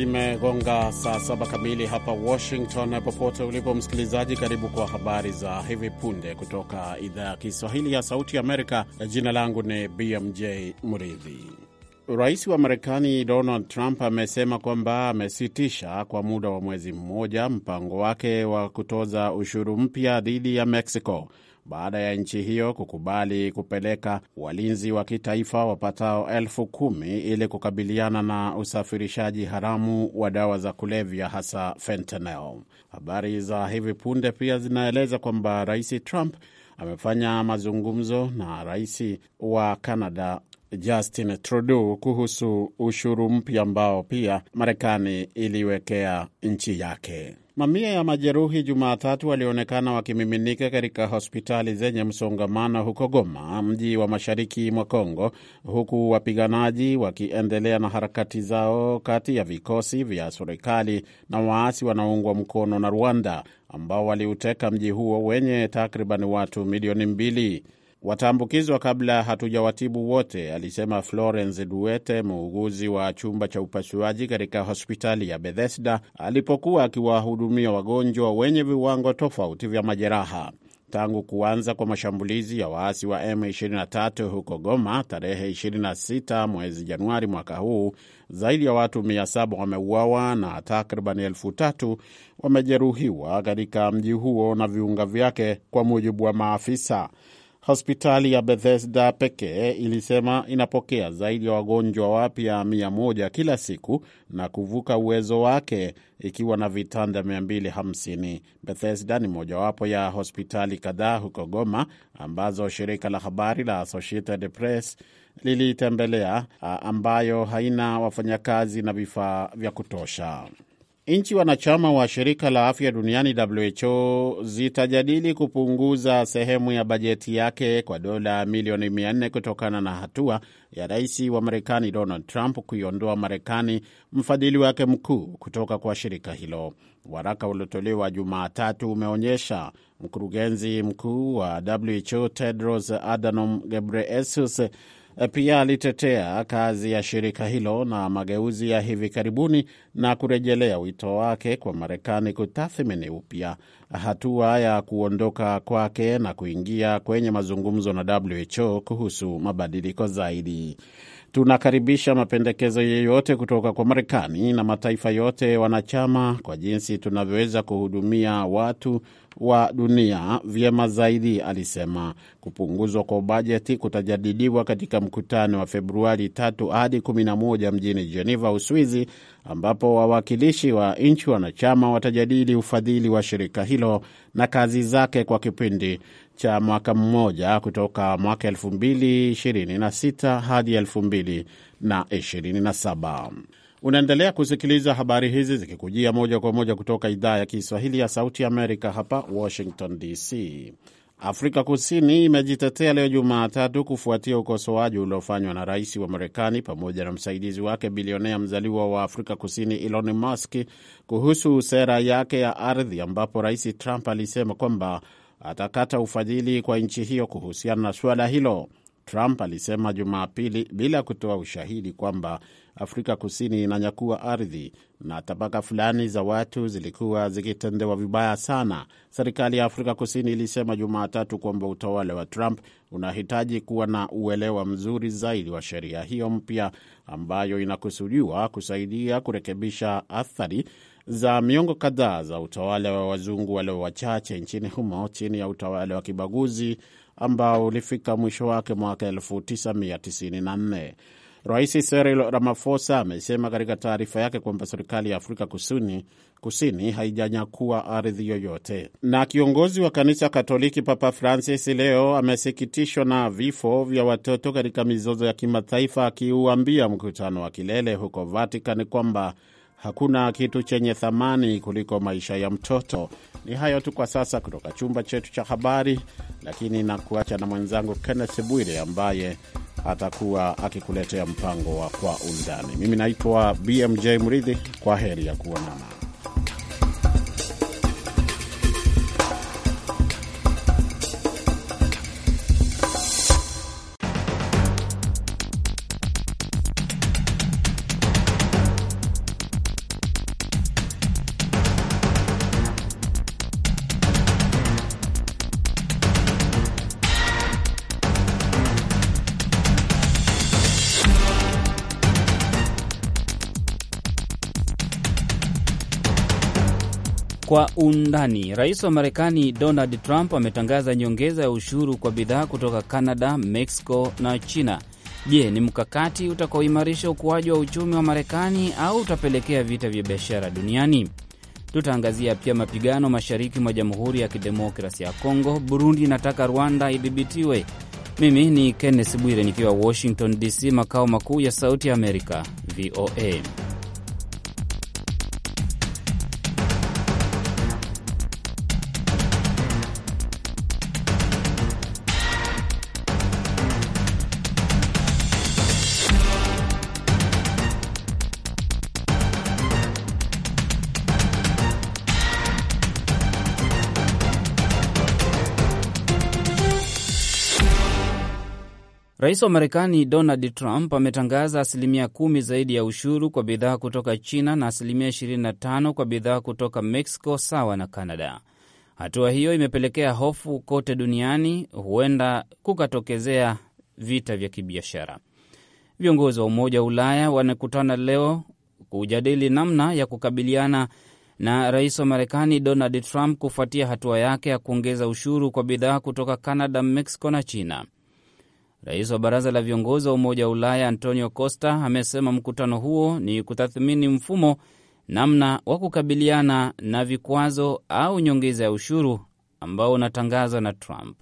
Zimegonga saa saba kamili hapa Washington. Popote ulipo msikilizaji, karibu kwa habari za hivi punde kutoka idhaa ya Kiswahili ya Sauti Amerika. Jina langu ni BMJ Mridhi. Rais wa Marekani Donald Trump amesema kwamba amesitisha kwa muda wa mwezi mmoja mpango wake wa kutoza ushuru mpya dhidi ya Mexico baada ya nchi hiyo kukubali kupeleka walinzi wa kitaifa wapatao elfu kumi ili kukabiliana na usafirishaji haramu wa dawa za kulevya hasa fentanyl. Habari za hivi punde pia zinaeleza kwamba Rais Trump amefanya mazungumzo na rais wa Canada Justin Trudeau kuhusu ushuru mpya ambao pia Marekani iliwekea nchi yake. Mamia ya majeruhi Jumatatu walionekana wakimiminika katika hospitali zenye msongamano huko Goma, mji wa mashariki mwa Kongo, huku wapiganaji wakiendelea na harakati zao kati ya vikosi vya serikali na waasi wanaoungwa mkono na Rwanda ambao waliuteka mji huo wenye takriban watu milioni mbili wataambukizwa kabla hatujawatibu wote, alisema Florence Duete, muuguzi wa chumba cha upasuaji katika hospitali ya Bethesda alipokuwa akiwahudumia wagonjwa wenye viwango tofauti vya majeraha. Tangu kuanza kwa mashambulizi ya waasi wa M23 huko Goma tarehe 26 mwezi Januari mwaka huu, zaidi ya watu 700 wameuawa na takriban elfu tatu wamejeruhiwa katika mji huo na viunga vyake, kwa mujibu wa maafisa. Hospitali ya Bethesda pekee ilisema inapokea zaidi ya wagonjwa wapya 1 kila siku na kuvuka uwezo wake ikiwa na vitanda 250. Bethesda ni mojawapo ya hospitali kadhaa huko Goma ambazo shirika la habari la Associated Press lilitembelea ambayo haina wafanyakazi na vifaa vya kutosha. Nchi wanachama wa shirika la afya duniani WHO zitajadili kupunguza sehemu ya bajeti yake kwa dola milioni 400 kutokana na hatua ya rais wa Marekani Donald Trump kuiondoa Marekani, mfadhili wake mkuu, kutoka kwa shirika hilo. Waraka uliotolewa Jumatatu umeonyesha mkurugenzi mkuu wa WHO Tedros Adhanom Ghebreyesus pia alitetea kazi ya shirika hilo na mageuzi ya hivi karibuni na kurejelea wito wake kwa Marekani kutathmini upya hatua ya kuondoka kwake na kuingia kwenye mazungumzo na WHO kuhusu mabadiliko zaidi. Tunakaribisha mapendekezo yeyote kutoka kwa Marekani na mataifa yote wanachama kwa jinsi tunavyoweza kuhudumia watu wa dunia vyema zaidi, alisema. Kupunguzwa kwa bajeti kutajadiliwa katika mkutano wa Februari 3 hadi 11 mjini Geneva, Uswizi, ambapo wawakilishi wa nchi wanachama watajadili ufadhili wa shirika hilo na kazi zake kwa kipindi cha mwaka mmoja kutoka mwaka 2026 hadi 2027. Unaendelea kusikiliza habari hizi zikikujia moja kwa moja kutoka idhaa ya Kiswahili ya Sauti Amerika hapa Washington DC. Afrika Kusini imejitetea leo Jumatatu kufuatia ukosoaji uliofanywa na rais wa Marekani pamoja na msaidizi wake bilionea mzaliwa wa Afrika Kusini Elon Musk kuhusu sera yake ya ardhi, ambapo rais Trump alisema kwamba atakata ufadhili kwa nchi hiyo kuhusiana na suala hilo. Trump alisema Jumapili bila kutoa ushahidi kwamba Afrika Kusini inanyakua ardhi na tabaka fulani za watu zilikuwa zikitendewa vibaya sana. Serikali ya Afrika Kusini ilisema Jumatatu kwamba utawala wa Trump unahitaji kuwa na uelewa mzuri zaidi wa sheria hiyo mpya ambayo inakusudiwa kusaidia kurekebisha athari za miongo kadhaa za utawala wa wazungu walio wachache nchini humo chini ya utawala wa kibaguzi ambao ulifika mwisho wake mwaka 1994. Rais Cyril Ramaphosa amesema katika taarifa yake kwamba serikali ya Afrika Kusini, Kusini haijanyakua ardhi yoyote. Na kiongozi wa kanisa Katoliki Papa Francis leo amesikitishwa na vifo vya watoto katika mizozo ya kimataifa, akiuambia mkutano wa kilele huko Vatican kwamba hakuna kitu chenye thamani kuliko maisha ya mtoto. Ni hayo tu kwa sasa kutoka chumba chetu cha habari, lakini nakuacha na mwenzangu Kenneth Bwire ambaye atakuwa akikuletea mpango wa Kwa Undani. Mimi naitwa BMJ Mridhi, kwa heri ya kuonana. Kwa undani. Rais wa Marekani Donald Trump ametangaza nyongeza ya ushuru kwa bidhaa kutoka Canada, Mexico na China. Je, ni mkakati utakaoimarisha ukuaji wa uchumi wa Marekani au utapelekea vita vya biashara duniani? Tutaangazia pia mapigano mashariki mwa Jamhuri ya Kidemokrasia ya Kongo, Burundi inataka Rwanda idhibitiwe. Mimi ni Kenneth Bwire nikiwa Washington DC, makao makuu ya Sauti ya Amerika, VOA. Rais wa Marekani Donald Trump ametangaza asilimia kumi zaidi ya ushuru kwa bidhaa kutoka China na asilimia 25 kwa bidhaa kutoka Mexico sawa na Canada. Hatua hiyo imepelekea hofu kote duniani, huenda kukatokezea vita vya kibiashara. Viongozi wa Umoja wa Ulaya wanakutana leo kujadili namna ya kukabiliana na rais wa Marekani Donald Trump kufuatia hatua yake ya kuongeza ushuru kwa bidhaa kutoka Canada, Mexico na China. Rais wa baraza la viongozi wa Umoja wa Ulaya Antonio Costa amesema mkutano huo ni kutathmini mfumo namna wa kukabiliana na vikwazo au nyongeza ya ushuru ambao unatangazwa na Trump.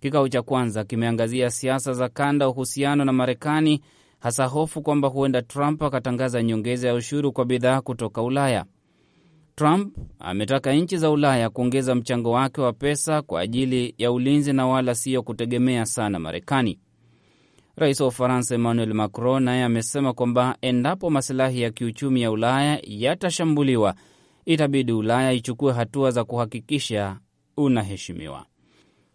Kikao cha kwanza kimeangazia siasa za kanda, uhusiano na Marekani, hasa hofu kwamba huenda Trump akatangaza nyongeza ya ushuru kwa bidhaa kutoka Ulaya. Trump ametaka nchi za Ulaya kuongeza mchango wake wa pesa kwa ajili ya ulinzi na wala siyo kutegemea sana Marekani. Rais wa Ufaransa Emmanuel Macron naye amesema kwamba endapo masilahi ya kiuchumi ya Ulaya yatashambuliwa, itabidi Ulaya ichukue hatua za kuhakikisha unaheshimiwa.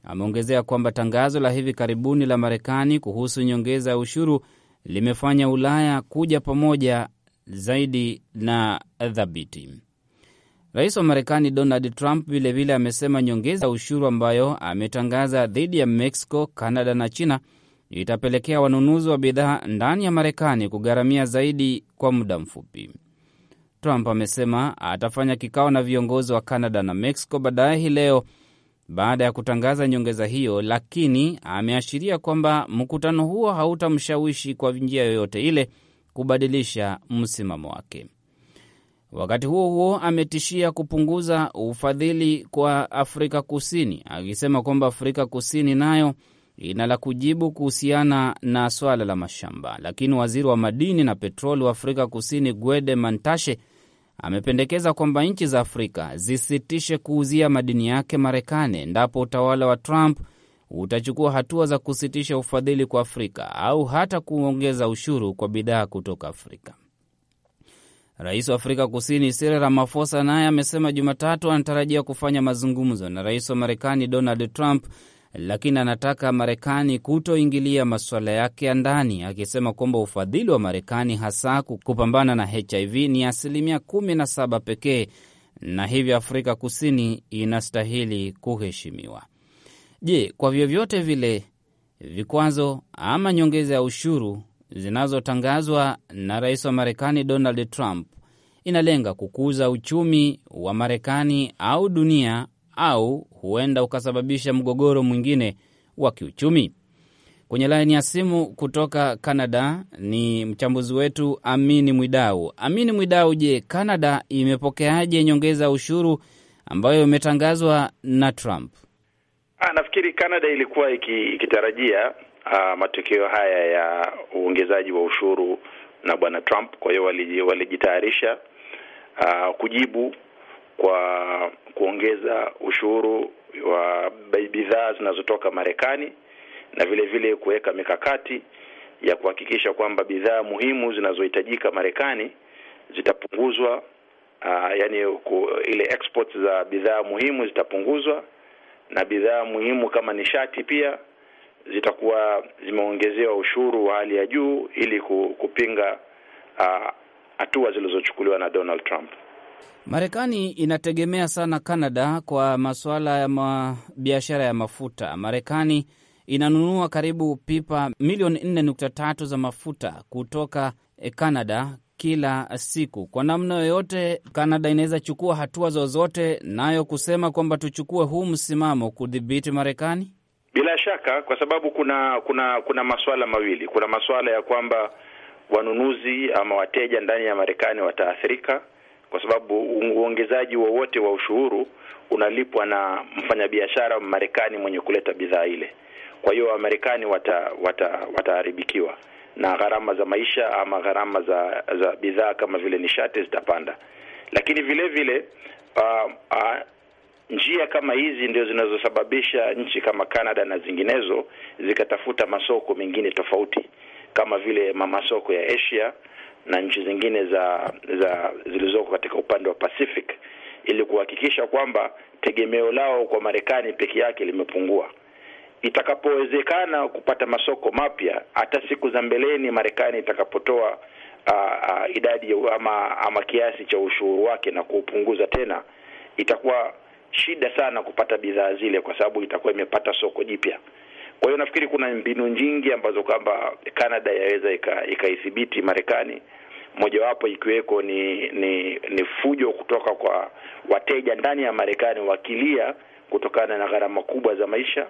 Ameongezea kwamba tangazo la hivi karibuni la Marekani kuhusu nyongeza ya ushuru limefanya Ulaya kuja pamoja zaidi na dhabiti. Rais wa Marekani Donald Trump vilevile amesema nyongeza ya ushuru ambayo ametangaza dhidi ya Mexico, Canada na China itapelekea wanunuzi wa bidhaa ndani ya Marekani kugharamia zaidi kwa muda mfupi. Trump amesema atafanya kikao na viongozi wa Canada na Mexico baadaye hii leo baada ya kutangaza nyongeza hiyo, lakini ameashiria kwamba mkutano huo hautamshawishi kwa njia yoyote ile kubadilisha msimamo wake. Wakati huo huo, ametishia kupunguza ufadhili kwa Afrika Kusini, akisema kwamba Afrika Kusini nayo ina la kujibu kuhusiana na swala la mashamba. Lakini waziri wa madini na petroli wa Afrika Kusini Gwede Mantashe amependekeza kwamba nchi za Afrika zisitishe kuuzia madini yake Marekani endapo utawala wa Trump utachukua hatua za kusitisha ufadhili kwa Afrika au hata kuongeza ushuru kwa bidhaa kutoka Afrika. Rais wa Afrika Kusini Cyril Ramaphosa naye amesema Jumatatu anatarajia kufanya mazungumzo na rais wa Marekani Donald Trump, lakini anataka Marekani kutoingilia masuala yake ya ndani, akisema kwamba ufadhili wa Marekani hasa kupambana na HIV ni asilimia 17 pekee na hivyo Afrika Kusini inastahili kuheshimiwa. Je, kwa vyovyote vile vikwazo ama nyongeza ya ushuru zinazotangazwa na rais wa Marekani Donald Trump inalenga kukuza uchumi wa Marekani au dunia au huenda ukasababisha mgogoro mwingine wa kiuchumi. Kwenye laini ya simu kutoka Canada ni mchambuzi wetu Amini Mwidau. Amini Mwidau, je, Canada imepokeaje nyongeza ya ushuru ambayo imetangazwa na Trump? Ha, ah, nafikiri Canada ilikuwa ikitarajia uh, ah, matokeo haya ya uongezaji wa ushuru na bwana Trump. Kwa hiyo walijitayarisha uh, kujibu kwa kuongeza ushuru wa bidhaa zinazotoka Marekani na vile vile kuweka mikakati ya kuhakikisha kwamba bidhaa muhimu zinazohitajika Marekani zitapunguzwa. Uh, yani ku, ile exports za bidhaa muhimu zitapunguzwa na bidhaa muhimu kama nishati pia zitakuwa zimeongezewa ushuru wa hali ya juu ili kupinga hatua zilizochukuliwa na Donald Trump. Marekani inategemea sana Kanada kwa masuala ya ma, biashara ya mafuta. Marekani inanunua karibu pipa milioni 4.3 za mafuta kutoka Kanada e, kila siku. Kwa namna yoyote, Kanada inaweza chukua hatua zozote nayo kusema kwamba tuchukue huu msimamo kudhibiti Marekani. Bila shaka, kwa sababu kuna kuna kuna masuala mawili. Kuna masuala ya kwamba wanunuzi ama wateja ndani ya Marekani wataathirika kwa sababu uongezaji wowote wa, wa ushuru unalipwa na mfanyabiashara Marekani mwenye kuleta bidhaa ile. Kwa hiyo Wamarekani wataharibikiwa wata, wata na gharama za maisha ama gharama za za bidhaa kama vile nishati zitapanda, lakini vile vile uh, uh, Njia kama hizi ndio zinazosababisha nchi kama Canada na zinginezo zikatafuta masoko mengine tofauti kama vile masoko ya Asia na nchi zingine za za zilizoko katika upande wa Pacific ili kuhakikisha kwamba tegemeo lao kwa Marekani peke yake limepungua. Itakapowezekana kupata masoko mapya, hata siku za mbeleni Marekani itakapotoa uh, uh, idadi ama, ama kiasi cha ushuru wake na kuupunguza tena, itakuwa shida sana kupata bidhaa zile, kwa sababu itakuwa imepata soko jipya. Kwa hiyo nafikiri kuna mbinu nyingi ambazo kwamba Canada yaweza ikaithibiti ika Marekani, mojawapo ikiweko ni, ni ni fujo kutoka kwa wateja ndani ya Marekani wakilia kutokana na gharama kubwa za maisha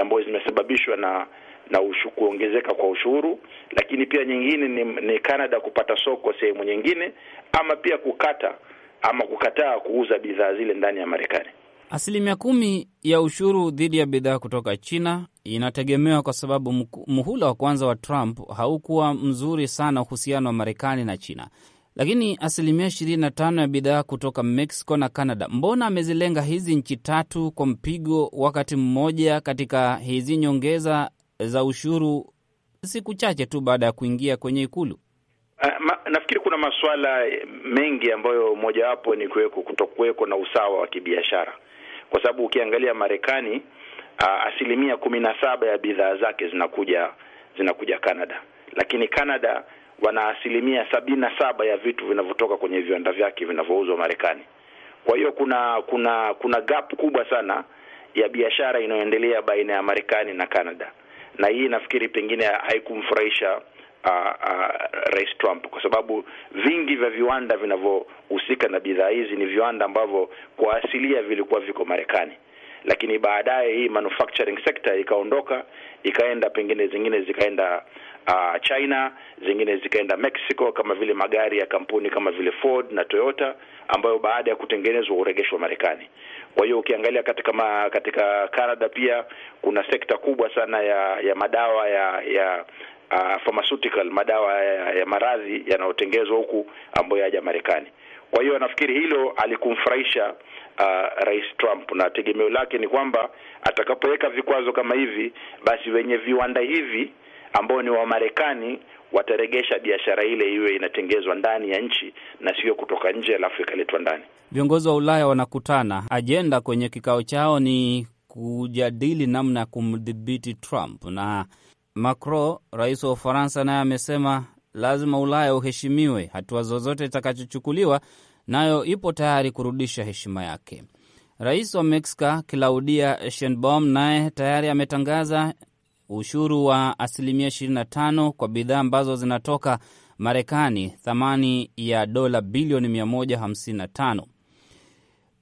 ambazo zimesababishwa na na ushu, kuongezeka kwa ushuru, lakini pia nyingine ni, ni Canada kupata soko sehemu nyingine ama pia kukata ama kukataa kuuza bidhaa zile ndani ya Marekani. Asilimia kumi ya ushuru dhidi ya bidhaa kutoka China inategemewa kwa sababu muhula wa kwanza wa Trump haukuwa mzuri sana, uhusiano wa Marekani na China, lakini asilimia ishirini na tano ya bidhaa kutoka Mexico na Canada, mbona amezilenga hizi nchi tatu kwa mpigo wakati mmoja katika hizi nyongeza za ushuru siku chache tu baada ya kuingia kwenye Ikulu? Eh, ma, nafikiri kuna masuala mengi ambayo mojawapo ni kuweko kutokuweko na usawa wa kibiashara, kwa sababu ukiangalia Marekani asilimia kumi na saba ya bidhaa zake zinakuja zinakuja Canada, lakini Canada wana asilimia sabini na saba ya vitu vinavyotoka kwenye viwanda vyake vinavyouzwa Marekani. Kwa hiyo kuna kuna kuna gap kubwa sana ya biashara inayoendelea baina ya Marekani na Canada, na hii nafikiri pengine haikumfurahisha uh, uh, Rais Trump kwa sababu vingi vya viwanda vinavyohusika na bidhaa hizi ni viwanda ambavyo kwa asilia vilikuwa viko Marekani, lakini baadaye hii manufacturing sector ikaondoka ikaenda pengine, zingine zikaenda uh, China, zingine zikaenda Mexico, kama vile magari ya kampuni kama vile Ford na Toyota ambayo baada ya kutengenezwa huregeshwa Marekani. Kwa hiyo ukiangalia katika ma, katika Canada pia kuna sekta kubwa sana ya ya madawa ya ya uh, pharmaceutical madawa ya, ya maradhi yanayotengezwa huku ambayo yaja Marekani. Kwa hiyo nafikiri hilo alikumfurahisha uh, Rais Trump, na tegemeo lake ni kwamba atakapoweka vikwazo kama hivi, basi wenye viwanda hivi ambao ni wa Marekani wataregesha biashara ile iwe inatengezwa ndani ya nchi na sio kutoka nje alafu ikaletwa ndani. Viongozi wa Ulaya wanakutana, ajenda kwenye kikao chao ni kujadili namna ya kumdhibiti Trump na Macron, rais wa Ufaransa, naye amesema lazima Ulaya uheshimiwe. Hatua zozote itakachochukuliwa nayo ipo tayari kurudisha heshima yake. Rais wa Mexico Claudia Sheinbaum naye tayari ametangaza ushuru wa asilimia 25 kwa bidhaa ambazo zinatoka Marekani, thamani ya dola bilioni 155.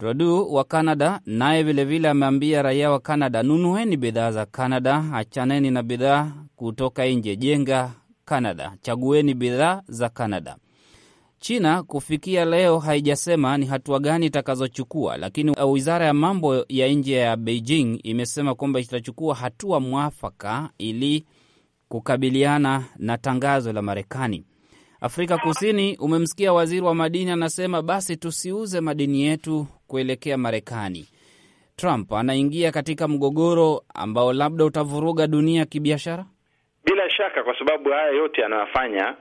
Trudeau wa canada naye vilevile ameambia raia wa canada nunueni bidhaa za canada achaneni na bidhaa kutoka nje, jenga canada chagueni bidhaa za canada China kufikia leo haijasema ni hatua gani itakazochukua, lakini wizara ya mambo ya nje ya Beijing imesema kwamba itachukua hatua mwafaka ili kukabiliana na tangazo la Marekani. Afrika Kusini, umemsikia waziri wa madini anasema basi tusiuze madini yetu kuelekea Marekani. Trump anaingia katika mgogoro ambao labda utavuruga dunia kibiashara, bila shaka, kwa sababu haya yote yanayofanya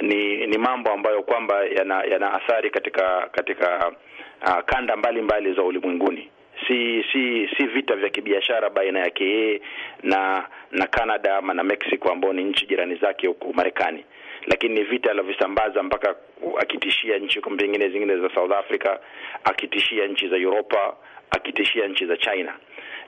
ni ni mambo ambayo kwamba yana, yana athari katika katika uh, kanda mbalimbali mbali za ulimwenguni. Si si si vita vya kibiashara baina yake yeye na na Canada ama na Mexico ambao ni nchi jirani zake huku Marekani, lakini ni vita alivyosambaza mpaka akitishia nchi pengine zingine za South Africa, akitishia nchi za Europa, akitishia nchi za China,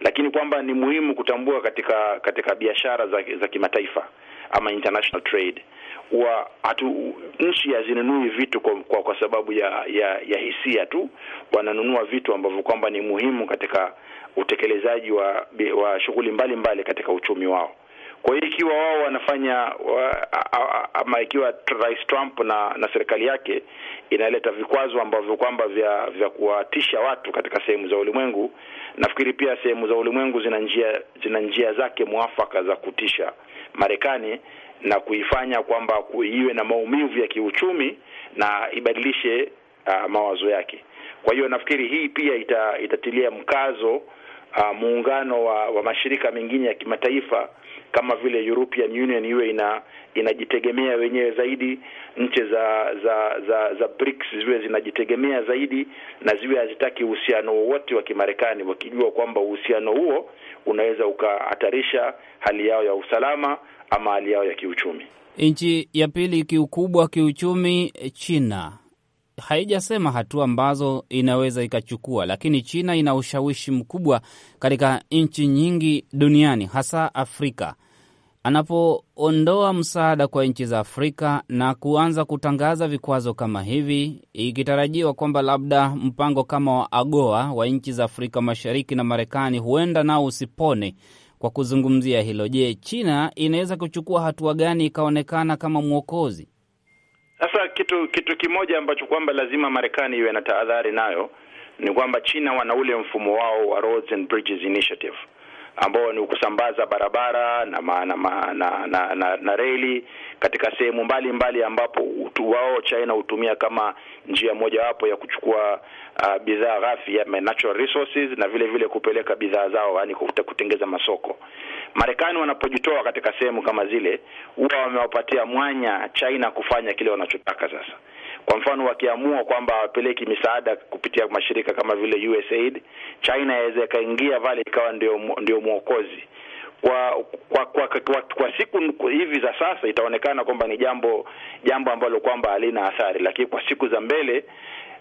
lakini kwamba ni muhimu kutambua katika katika biashara za, za kimataifa ama international trade wa hatu nchi hazinunui vitu kwa, kwa, kwa sababu ya, ya ya hisia tu. Wananunua vitu ambavyo kwamba ni muhimu katika utekelezaji wa, wa shughuli mbalimbali katika uchumi wao. Kwa hiyo ikiwa wao wanafanya wa, ama ikiwa Rais Trump na na serikali yake inaleta vikwazo ambavyo kwamba vya vya kuwatisha watu katika sehemu za ulimwengu, nafikiri pia sehemu za ulimwengu zina njia zina njia zake mwafaka za kutisha Marekani na kuifanya kwamba iwe na maumivu ya kiuchumi na ibadilishe uh, mawazo yake. Kwa hiyo nafikiri hii pia ita, itatilia mkazo uh, muungano wa, wa mashirika mengine ya kimataifa kama vile European Union iwe ina inajitegemea wenyewe zaidi, nchi za za za za BRICS ziwe zinajitegemea zaidi na ziwe hazitaki uhusiano wowote wa Kimarekani, wakijua kwamba uhusiano huo unaweza ukahatarisha hali yao ya usalama ama hali yao ya kiuchumi. Nchi ya pili kiukubwa kiuchumi China haijasema hatua ambazo inaweza ikachukua, lakini China ina ushawishi mkubwa katika nchi nyingi duniani, hasa Afrika. Anapoondoa msaada kwa nchi za Afrika na kuanza kutangaza vikwazo kama hivi, ikitarajiwa kwamba labda mpango kama wa AGOA wa nchi za Afrika Mashariki na Marekani huenda nao usipone. Kwa kuzungumzia hilo, je, China inaweza kuchukua hatua gani ikaonekana kama mwokozi? Sasa kitu kitu kimoja ambacho kwamba lazima Marekani iwe na tahadhari nayo ni kwamba China wana ule mfumo wao wa Roads and Bridges Initiative ambao ni kusambaza barabara na ma, na, ma, na, na, na, na reli katika sehemu mbalimbali ambapo utu wao China hutumia kama njia mojawapo ya kuchukua uh, bidhaa ghafi ya natural resources na vile vile kupeleka bidhaa zao, yani kutengeza masoko. Marekani wanapojitoa katika sehemu kama zile, huwa wamewapatia mwanya China kufanya kile wanachotaka sasa kwa mfano, wakiamua kwamba wapeleki misaada kupitia mashirika kama vile USAID, China yaweza ikaingia pale ikawa ndio ndio mwokozi. Kwa kwa, kwa, kwa kwa siku hivi za sasa itaonekana kwamba ni jambo jambo ambalo kwamba halina athari, lakini kwa siku za mbele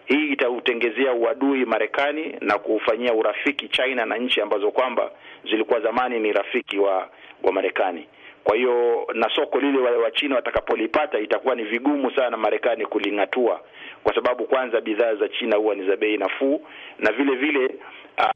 hii itautengezea uadui Marekani na kufanyia urafiki China na nchi ambazo kwamba zilikuwa zamani ni rafiki wa wa Marekani. Kwa hiyo na soko lile wa china watakapolipata itakuwa ni vigumu sana Marekani kuling'atua, kwa sababu kwanza bidhaa za China huwa ni za bei nafuu, na vile vile ah,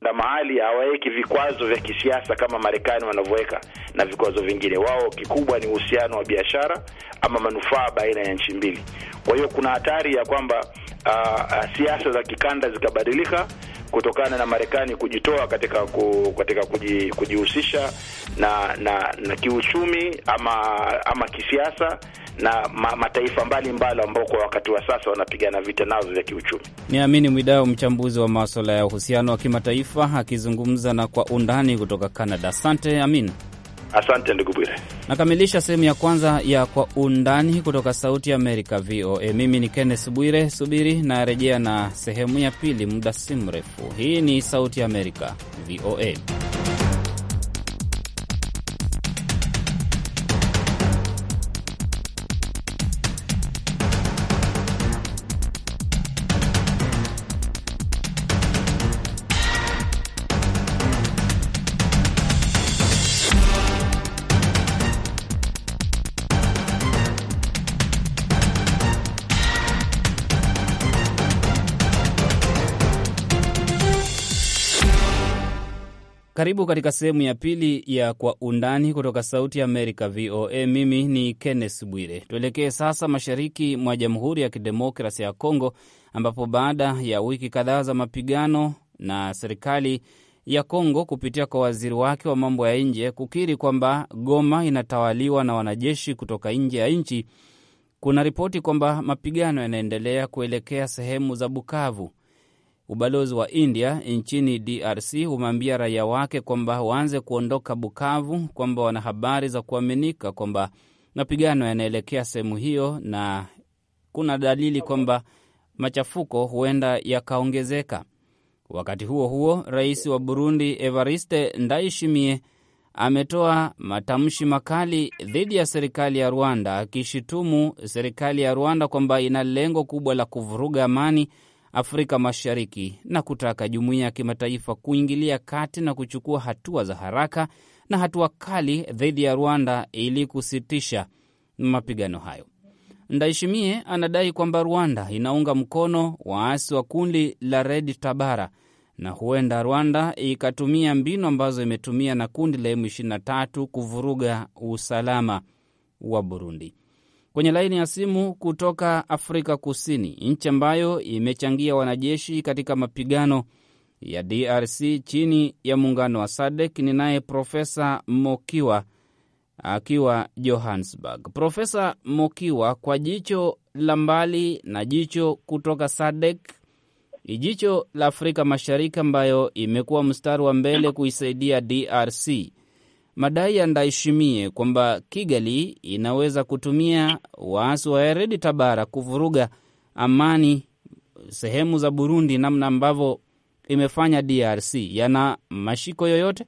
na mahali hawaweki vikwazo vya kisiasa kama Marekani wanavyoweka na vikwazo vingine. Wao kikubwa ni uhusiano wa biashara ama manufaa baina ya nchi mbili. Kwa hiyo kuna hatari ya kwamba uh, siasa za kikanda zikabadilika kutokana na Marekani kujitoa katika ku, katika kuji, kujihusisha na, na na kiuchumi ama ama kisiasa na ma, mataifa mbalimbali ambao kwa wakati wa sasa wanapigana vita nazo vya kiuchumi. Niamini Mwidao, mchambuzi wa maswala ya uhusiano wa kimataifa akizungumza na kwa undani kutoka Canada. Asante Amin. Asante ndugu Bwire. Nakamilisha sehemu ya kwanza ya Kwa Undani kutoka Sauti ya Amerika, VOA. Mimi ni Kenneth Bwire. Subiri narejea na sehemu ya pili muda si mrefu. Hii ni Sauti ya Amerika, VOA. Karibu katika sehemu ya pili ya Kwa Undani kutoka Sauti ya Amerika, VOA. Mimi ni Kenneth Bwire. Tuelekee sasa mashariki mwa Jamhuri ya kidemokrasi ya Kongo, ambapo baada ya wiki kadhaa za mapigano na serikali ya Kongo kupitia kwa waziri wake wa mambo ya nje kukiri kwamba Goma inatawaliwa na wanajeshi kutoka nje ya nchi, kuna ripoti kwamba mapigano yanaendelea kuelekea sehemu za Bukavu. Ubalozi wa India nchini DRC umeambia raia wake kwamba waanze kuondoka Bukavu, kwamba wana habari za kuaminika kwamba mapigano yanaelekea sehemu hiyo na kuna dalili kwamba machafuko huenda yakaongezeka. Wakati huo huo, rais wa Burundi Evariste Ndayishimiye ametoa matamshi makali dhidi ya serikali ya Rwanda, akishutumu serikali ya Rwanda kwamba ina lengo kubwa la kuvuruga amani Afrika Mashariki na kutaka jumuiya ya kimataifa kuingilia kati na kuchukua hatua za haraka na hatua kali dhidi ya Rwanda ili kusitisha mapigano hayo. Ndaishimie anadai kwamba Rwanda inaunga mkono waasi wa kundi la Red Tabara na huenda Rwanda ikatumia mbinu ambazo imetumia na kundi la M23 kuvuruga usalama wa Burundi kwenye laini ya simu kutoka Afrika Kusini, nchi ambayo imechangia wanajeshi katika mapigano ya DRC chini ya muungano wa SADEK. Ni naye Profesa Mokiwa akiwa Johannesburg. Profesa Mokiwa, kwa jicho la mbali na jicho kutoka sadek jicho la Afrika Mashariki ambayo imekuwa mstari wa mbele kuisaidia DRC madai ya kwamba Kigali inaweza kutumia waasi wa eredi Tabara kuvuruga amani sehemu za Burundi namna ambavyo imefanya DRC yana mashiko yoyote?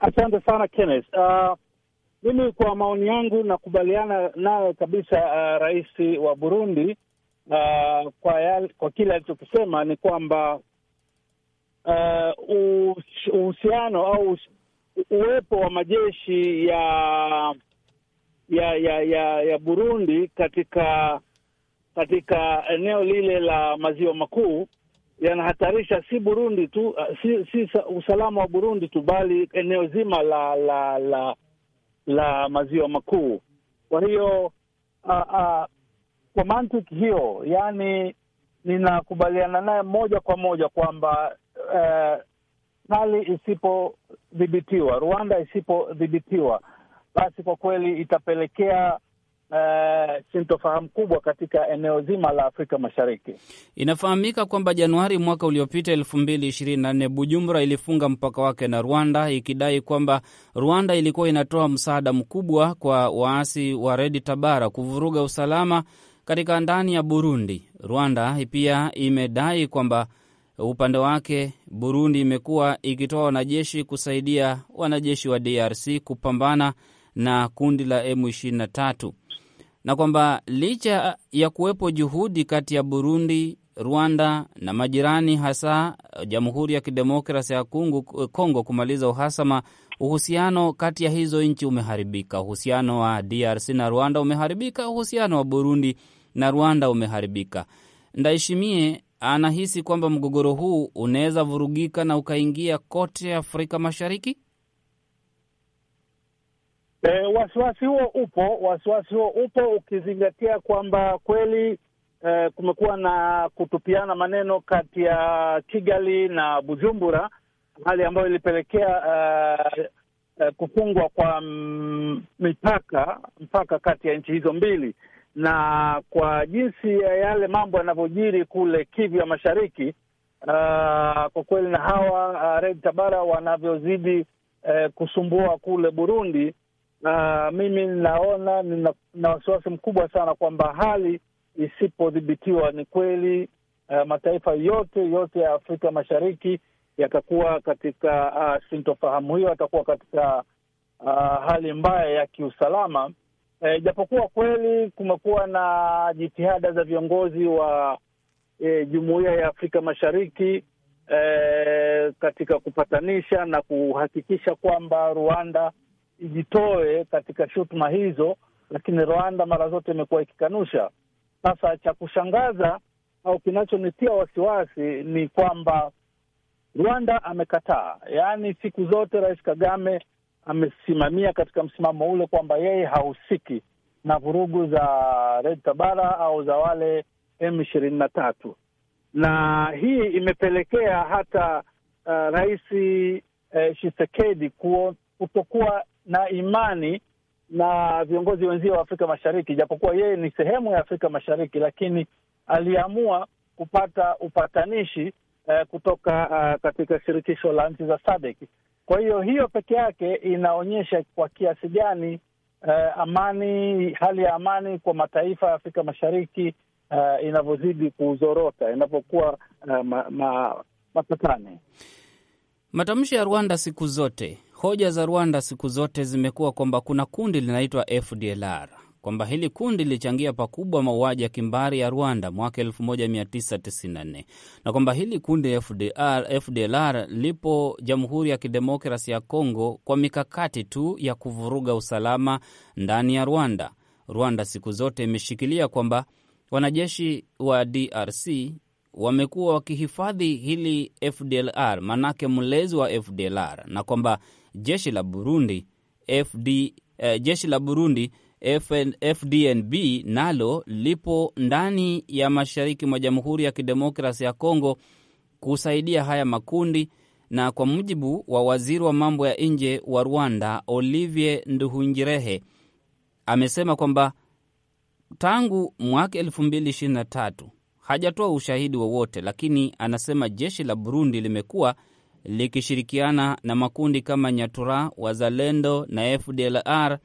Asante sana Kenneth. Uh, mimi kwa maoni yangu nakubaliana nayo kabisa. Uh, rais wa Burundi uh, kwa, kwa kile alichokisema ni kwamba Uh, uhusiano au uwepo wa majeshi ya ya ya ya, ya Burundi katika katika eneo lile la maziwa makuu yanahatarisha si Burundi tu, uh, si, si usalama wa Burundi tu, bali eneo zima la la la la maziwa makuu. Kwa hiyo uh, kwa mantiki hiyo, yani ninakubaliana naye moja kwa moja kwamba uh, eh, Mali isipodhibitiwa, Rwanda isipodhibitiwa, basi kwa kweli itapelekea Uh, sintofahamu kubwa katika eneo zima la Afrika Mashariki. Inafahamika kwamba Januari mwaka uliopita elfu mbili ishirini na nne Bujumbura ilifunga mpaka wake na Rwanda ikidai kwamba Rwanda ilikuwa inatoa msaada mkubwa kwa waasi wa Redi Tabara kuvuruga usalama katika ndani ya Burundi. Rwanda pia imedai kwamba Upande wake Burundi imekuwa ikitoa wanajeshi kusaidia wanajeshi wa DRC kupambana na kundi la M23 na kwamba licha ya kuwepo juhudi kati ya Burundi, Rwanda na majirani, hasa Jamhuri ya Kidemokrasia ya Kongo kumaliza uhasama, uhusiano kati ya hizo nchi umeharibika. Uhusiano wa DRC na Rwanda umeharibika, uhusiano wa Burundi na Rwanda umeharibika. Ndaheshimie anahisi kwamba mgogoro huu unaweza vurugika na ukaingia kote Afrika Mashariki? E, wasiwasi huo upo, wasiwasi huo upo ukizingatia kwamba kweli e, kumekuwa na kutupiana maneno kati ya Kigali na Bujumbura, hali ambayo ilipelekea e, e, kufungwa kwa mipaka mpaka kati ya nchi hizo mbili na kwa jinsi ya yale mambo yanavyojiri kule Kivu ya Mashariki, uh, kwa kweli na hawa uh, Red Tabara wanavyozidi uh, kusumbua kule Burundi, uh, mimi naona nina, na wasiwasi mkubwa sana kwamba hali isipodhibitiwa ni kweli uh, mataifa yote yote ya Afrika Mashariki yatakuwa katika uh, sintofahamu hiyo, yatakuwa katika uh, hali mbaya ya kiusalama Eh, japokuwa e, kweli kumekuwa na jitihada za viongozi wa e, Jumuiya ya Afrika Mashariki e, katika kupatanisha na kuhakikisha kwamba Rwanda ijitoe katika shutuma hizo, lakini Rwanda mara zote imekuwa ikikanusha. Sasa cha kushangaza au kinachonitia wasiwasi ni kwamba Rwanda amekataa, yaani siku zote Rais Kagame amesimamia katika msimamo ule kwamba yeye hahusiki na vurugu za Red Tabara au za wale M ishirini na tatu, na hii imepelekea hata uh, Rais uh, kutokuwa na imani na viongozi wenzio wa Afrika Mashariki, japokuwa yeye ni sehemu ya Afrika Mashariki, lakini aliamua kupata upatanishi uh, kutoka uh, katika shirikisho la nchi za SADC kwa hiyo hiyo peke yake inaonyesha kwa kiasi gani uh, amani, hali ya amani kwa mataifa ya Afrika Mashariki uh, inavyozidi kuzorota, inapokuwa uh, ma, ma, matatani. Matamshi ya Rwanda siku zote, hoja za Rwanda siku zote zimekuwa kwamba kuna kundi linaitwa FDLR kwamba hili kundi lilichangia pakubwa mauaji ya kimbari ya Rwanda mwaka 1994 na kwamba hili kundi FDR, FDLR lipo Jamhuri ya Kidemokrasi ya congo kwa mikakati tu ya kuvuruga usalama ndani ya Rwanda. Rwanda siku zote imeshikilia kwamba wanajeshi wa DRC wamekuwa wakihifadhi hili FDLR, manake mlezi wa FDLR, na kwamba jeshi la Burundi FD, eh, jeshi la Burundi FN, FDNB nalo lipo ndani ya mashariki mwa Jamhuri ya Kidemokrasi ya Kongo kusaidia haya makundi, na kwa mujibu wa waziri wa mambo ya nje wa Rwanda Olivier Nduhungirehe amesema kwamba tangu mwaka 223 hajatoa ushahidi wowote, lakini anasema jeshi la Burundi limekuwa likishirikiana na makundi kama Nyatura, Wazalendo na FDLR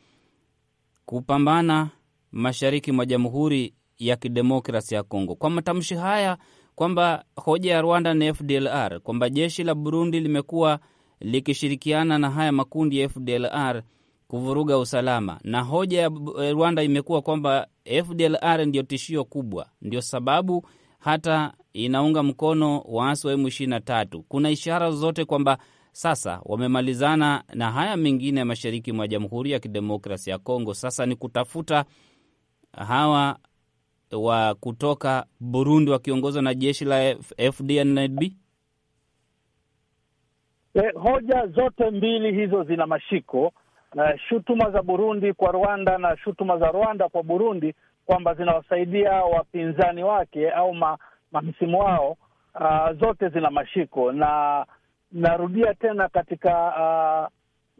kupambana mashariki mwa Jamhuri ya Kidemokrasi ya Kongo. Kwa matamshi haya kwamba hoja ya Rwanda ni FDLR, kwamba jeshi la Burundi limekuwa likishirikiana na haya makundi ya FDLR kuvuruga usalama, na hoja ya eh, Rwanda imekuwa kwamba FDLR ndio tishio kubwa, ndio sababu hata inaunga mkono waasi wa M23. Kuna ishara zote kwamba sasa wamemalizana na haya mengine ya mashariki mwa Jamhuri ya kidemokrasi ya Kongo. Sasa ni kutafuta hawa wa kutoka Burundi wakiongozwa na jeshi la FDNB. E, eh, hoja zote mbili hizo zina mashiko. e, shutuma za Burundi kwa Rwanda na shutuma za Rwanda kwa Burundi kwamba zinawasaidia wapinzani wake au ma, mahasimu wao a, ah, zote zina mashiko na narudia tena katika uh,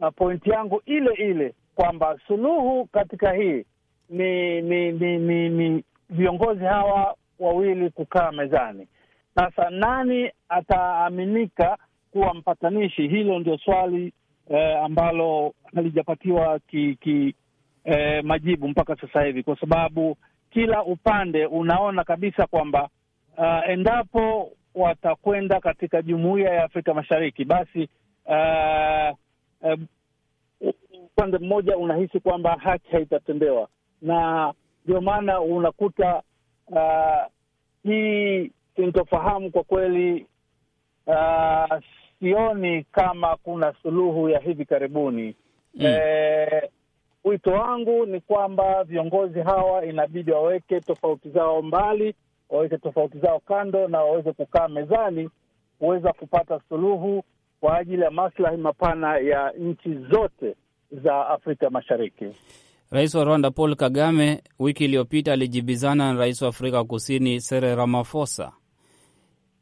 uh pointi yangu ile ile kwamba suluhu katika hii ni ni ni, ni, ni viongozi hawa wawili kukaa mezani. Sasa nani ataaminika kuwa mpatanishi? Hilo ndio swali eh, ambalo halijapatiwa ki, ki eh, majibu mpaka sasa hivi, kwa sababu kila upande unaona kabisa kwamba uh, endapo watakwenda katika jumuiya ya Afrika Mashariki, basi uh, um, upande uh, uh, mmoja unahisi kwamba haki haitatendewa, na ndio maana unakuta uh, hii sintofahamu kwa kweli uh, sioni kama kuna suluhu ya hivi karibuni. Mm. E, wito wangu ni kwamba viongozi hawa inabidi waweke tofauti zao mbali waweke tofauti zao kando na waweze kukaa mezani kuweza kupata suluhu kwa ajili ya maslahi mapana ya nchi zote za Afrika Mashariki. Rais wa Rwanda Paul Kagame wiki iliyopita alijibizana na rais wa Afrika Kusini Cyril Ramaphosa.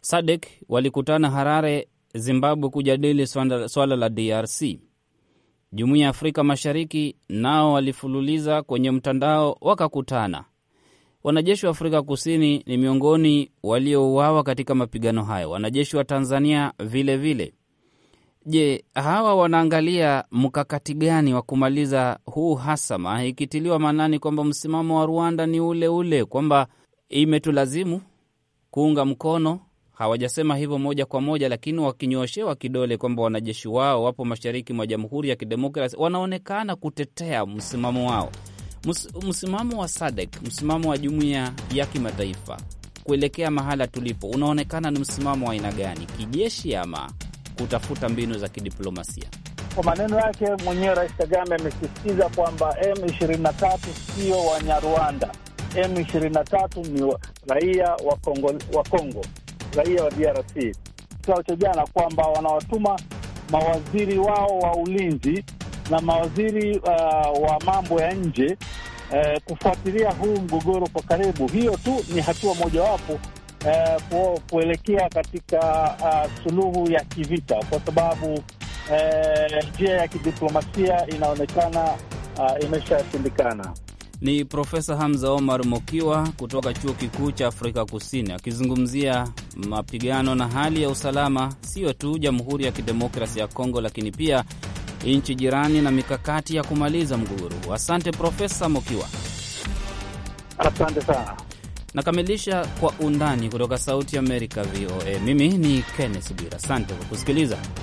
SADC walikutana Harare, Zimbabwe, kujadili swala la DRC. Jumuiya ya Afrika Mashariki nao walifululiza kwenye mtandao wakakutana. Wanajeshi wa Afrika Kusini ni miongoni waliouawa katika mapigano hayo, wanajeshi wa Tanzania vilevile vile. Je, hawa wanaangalia mkakati gani wa kumaliza huu hasama, ikitiliwa maanani kwamba msimamo wa Rwanda ni ule ule, kwamba imetulazimu kuunga mkono. Hawajasema hivyo moja kwa moja, lakini wakinyoshewa kidole kwamba wanajeshi wao wapo mashariki mwa Jamhuri ya Kidemokrasi, wanaonekana kutetea msimamo wao mus, msimamo wa SADC, msimamo wa jumuiya ya kimataifa kuelekea mahala tulipo unaonekana ni msimamo wa aina gani, kijeshi ama kutafuta mbinu za kidiplomasia? Kwa maneno yake mwenyewe Rais Kagame amesisitiza kwamba M23 sio Wanyarwanda, M23 ni wa, raia wa Kongo, wa Kongo, raia wa DRC. Kikao cha jana kwamba wanawatuma mawaziri wao wa ulinzi na mawaziri uh, wa mambo ya nje eh, kufuatilia huu mgogoro kwa karibu. Hiyo tu ni hatua mojawapo eh, kuelekea katika uh, suluhu ya kivita, kwa sababu eh, njia eh, ya kidiplomasia inaonekana uh, imeshashindikana. Ni Profesa Hamza Omar Mokiwa kutoka Chuo Kikuu cha Afrika Kusini akizungumzia mapigano na hali ya usalama, siyo tu Jamhuri ya Kidemokrasi ya Kongo, lakini pia nchi jirani na mikakati ya kumaliza mgogoro. Asante Profesa Mokiwa, asante sana. Nakamilisha Kwa Undani kutoka Sauti ya Amerika, VOA. Mimi ni Kenneth Bwira, asante kwa kusikiliza.